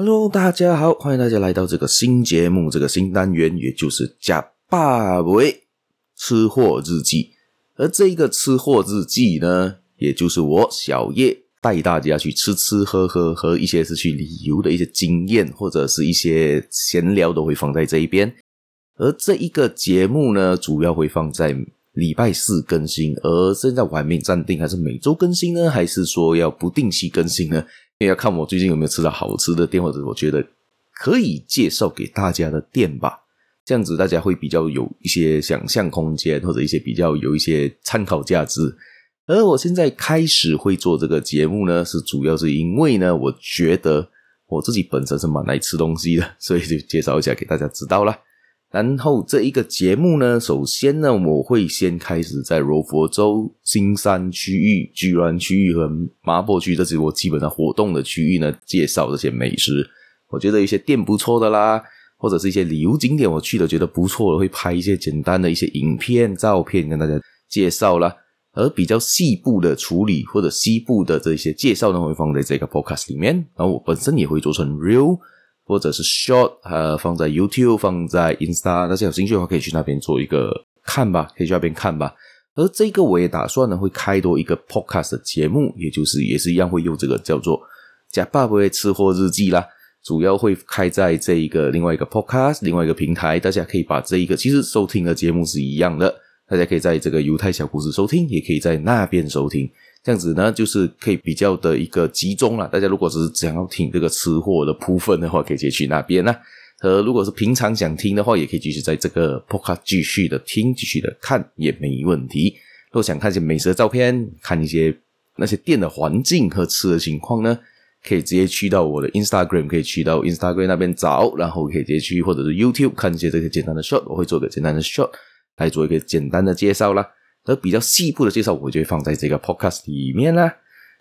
Hello，大家好，歡迎大家來到這個新節目，這個新單元，也就是《呷飽未！吃貨日記》。而這個吃貨日記呢，也就是我小葉帶大家去吃吃喝喝和一些是去旅遊的一些經驗，或者是一些閒聊都會放在這一邊。而這一個節目呢，主要會放在禮拜四更新。而現在我還沒暫定，還是每周更新呢，還是說要不定期更新呢？也要看我最近有沒有吃到好吃的店，或者我覺得可以介紹給大家的店吧。這樣子大家會比較有一些想象空間，或者一些比較有一些參考價值。而我現在開始會做這個節目呢，是主要是因為呢，我覺得我自己本身是蠻愛吃東西的，所以就介紹一下給大家知道啦。然後這一個節目呢，首先呢，我會先開始在柔佛州，新山區域，居鑾區域和麻坡區，這是我基本上活動的區域呢，介紹這些美食。我覺得一些店不錯的啦，或者是一些旅遊景點，我去的覺得不錯的，會拍一些簡單的一些影片，照片跟大家介紹啦。而比較細部的處理或者細部的這些介紹呢，我會放在這個 podcast 裡面。然後我本身也會做成 real。或者是 short，呃，放在 YouTube，放在 Insta，大家有興趣的話可以去那邊做一個看吧，可以去那邊看吧。而這個我也打算呢，會開多一個 podcast 的節目，也就是也是一樣會用這個叫做呷飽未！吃貨日記啦，主要會開在這一個另外一個 podcast，另外一個平台，大家可以把這一個其實收聽的節目是一樣的，大家可以在這個猶太小故事收聽，也可以在那邊收聽。這樣子呢，就是可以比較的一個集中了。大家如果只是想要聽這個吃貨的部分的話，可以直接去那邊。那如果是平常想聽的話，也可以繼續在這個 Podcast 繼續的聽，繼續的看也沒問題。如果想看一些美食的照片，看一些那些店的環境和吃的情況呢，可以直接去到我的 Instagram，可以去到 Instagram 那邊找，然後可以直接去或者是 YouTube 看一些這些簡單的 shot，我會做一個簡單的 shot，來做一個簡單的介紹啦。而比較細部的介紹，我就會放在這個 podcast 裡面啦。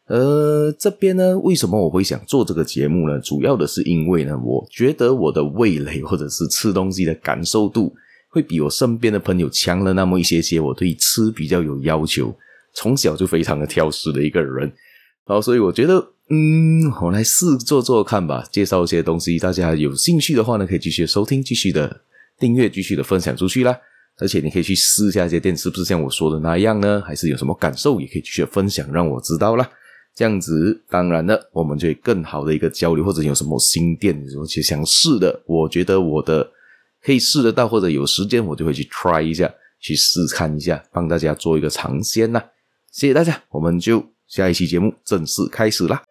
呃，這邊呢，為什麼我會想做這個節目呢？主要的是因為呢，我覺得我的味蕾或者是吃東西的感受度，會比我身邊的朋友強了那麼一些些。我對吃比較有要求，從小就非常的挑食的一個人。然後，所以我覺得，嗯，我來試做做看吧。介紹一些東西，大家有興趣的話呢，可以繼續收聽，繼續的訂閱，繼續的分享出去啦。而且你可以去試一下這些店，是不是像我說的那樣呢？還是有什麼感受，也可以繼續分享，讓我知道啦。這樣子，當然了，我們就會更好的一個交流，或者有什麼新店，什麼去想試的，我覺得我的可以試得到，或者有時間我就會去 try 一下，去試看一下，幫大家做一個嘗鮮啦。謝謝大家，我們就下一期節目正式開始啦。